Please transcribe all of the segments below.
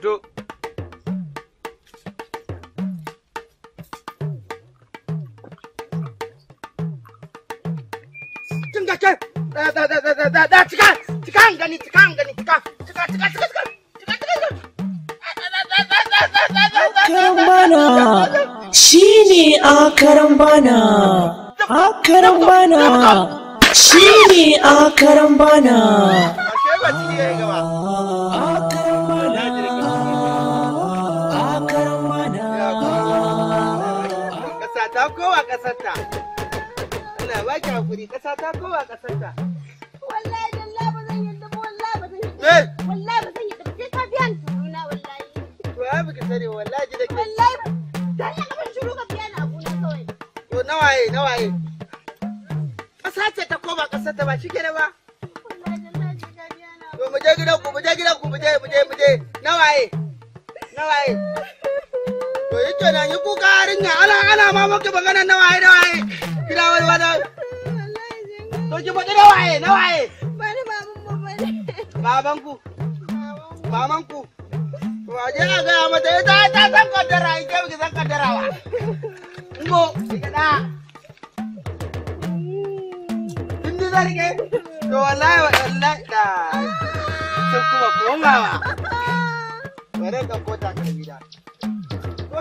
fito kin ke da da da da da da shi ne a karambana, a shi ne ƙasarta. Allah ba ki hakuri ƙasa ta kowa ƙasarta. Wallahi ba zan yi dabu eh! wallahi ba zan yi Wallahi ba zan yi dabu sai ka biya ni Na wallahi. To ya bi ka wallahi ji da Wallahi dalla ka ban shiru ka biya ni abuna kawai. To nawaye nawaye. Ƙasa ce ta kowa ba shi kenan ba. To mu je gidan ku mu je gidan ku mu je mu je mu je nawaye nawaye. to yake na yi kuka yarinya ana ana ma maka magana na waye na waye kina wani wani to ki faɗi na waye na waye bari baban Baban ku baban ku waje a gaya mata ita ta san kaddara ike ki san kaddara wa ngo kina kin ji zarge to wallahi wallahi da kin kuma komawa bare ka kota ka gida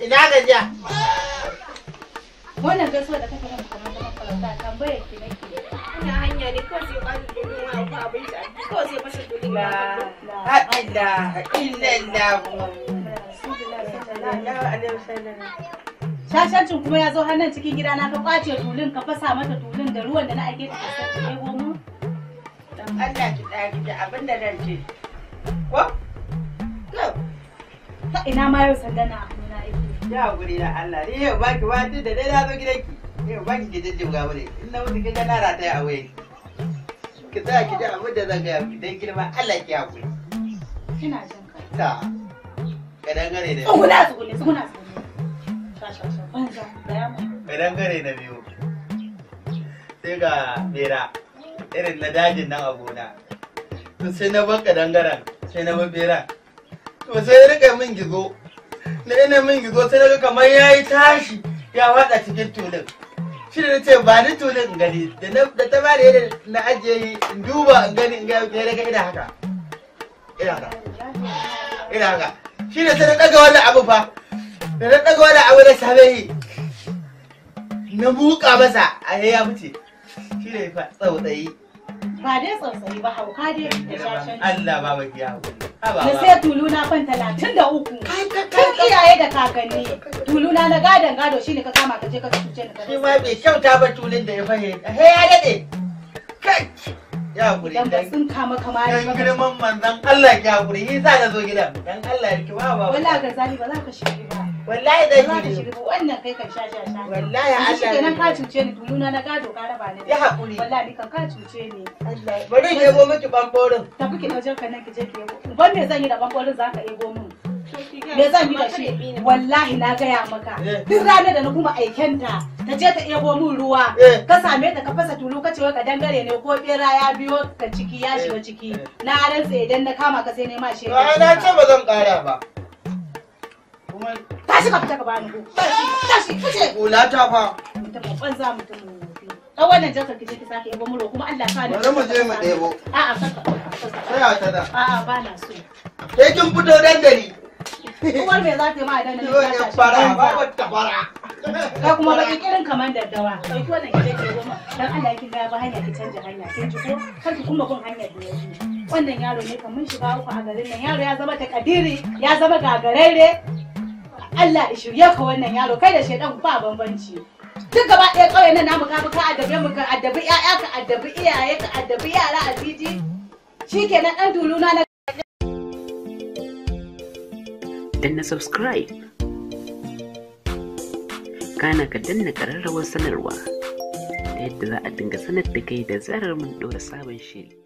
Ina gajiya. Wannan gaso da kake nan kamar zaman farauta tambayar ki nake. Ina hanya ne kawai sai ƙwarin domin wani ko abinci a ciki kawai sai fashe domin ya haɗin da illan da Shashancin kuma ya zo hannun cikin gidana, ka kwace tulun ka fasa mata tulun da ruwan da na ake ta kasance ne gomu. Allah ki tsaya gida abin da nan ce. Ko? Ina ma yau sandana ya guri na Allah ne eh, yau baki wata da dai na zo gidanki eh, yau baki ki jijjiga mu ne in na mutu kin na rata a waye ki tsaya ki ji abin da zan gaya miki dan girma Allah ki hakuri kina jin ka ta ka dangare da tsuguna oh, tsugune tsuguna ka dangare na biyu sai ga bera irin na dajin nan a gona to sai na ban dangaren sai na babbera to sai rika min gizo na ina min gizo sai daga kamar ya yi tashi ya wada cikin tulun shi da ce ba ni tulun in gani da ta ba da yadda na ajiye yi in duba in gani in gani daga ina haka ina haka ina haka shi da sai na daga wani abu fa da na daga wannan abu da same yi na buka masa a ya fice shi ne fa tsautsayi ba dai tsautsayi ba hauka dai da shashen Allah ba ba ki hauka na sai tuluna fan talatin da uku tun iyaye da kakanni tuluna na gadon gado shi ne ka kama ka je ka cuce ni shi ma bai kyauta ba tulun da ya fahimta he ya daɗe, kai ya guri dan sun kama kama ne dan girman manzon Allah ya guri yi za ka zo gidan dan Allah ya riki ba ba wallahi ga zali ba za ka shiga ba wallahi zai ji da shirbu wannan kai kan sha sha sha wallahi Allah shi kenan ka cuce ni tununa na gado ka raba ni ya hakuri wallahi kan ka cuce ni bari ke go miki bamborin tafi ki daujar ka nan ki je ki yebo ban me zan yi da bamborin zaka yebo mun me zan yi da shi wallahi na gaya maka eh. duk ranar da na kuma aikenta ta je ta ebo min ruwa eh. ka same ta ka fasa tulu ka ce wai ka dangare ne ko bera ya biyo ka ciki ya shiga eh. ciki na rantsa idan na kama ka sai ne ma shi na ce ba zan kara ba kuma tashi ka fita ka bani ko tashi fice kula ta fa mutum ban za mutum ka wannan jakar ki je ki sake yabo muro kuma Allah ka ne bari mu je mu debo a'a saka sai ta da a'a ba na so sai kin fito dandali Uwar me za ta yi ma idan da ta tashi. Fara ba ta fara. Ka kuma baki kirin kamar daddawa. Ɗauki wannan ki dake goma. Dan Allah kin ga ba hanya ki canja hanya. Kin ji ko? Kar ki kuma kun hanyar da yake. Wannan yaro ne kamar shiga uku a garin nan. Yaro ya zama takadiri, ya zama gagarere, Allah ya shirye ka wannan yaro kai da shedan ba bambanci duk gaba ɗaya ƙauye nan namu kafa ka addabe mu ka addabi ƴaƴa ka addabi iyaye ka addabi yara a titi shikenan dan duluna na danna subscribe kana ka danna ƙararrawar sanarwa ta yadda za a dinga sanar da kai da zarar mun ɗora sabon shiri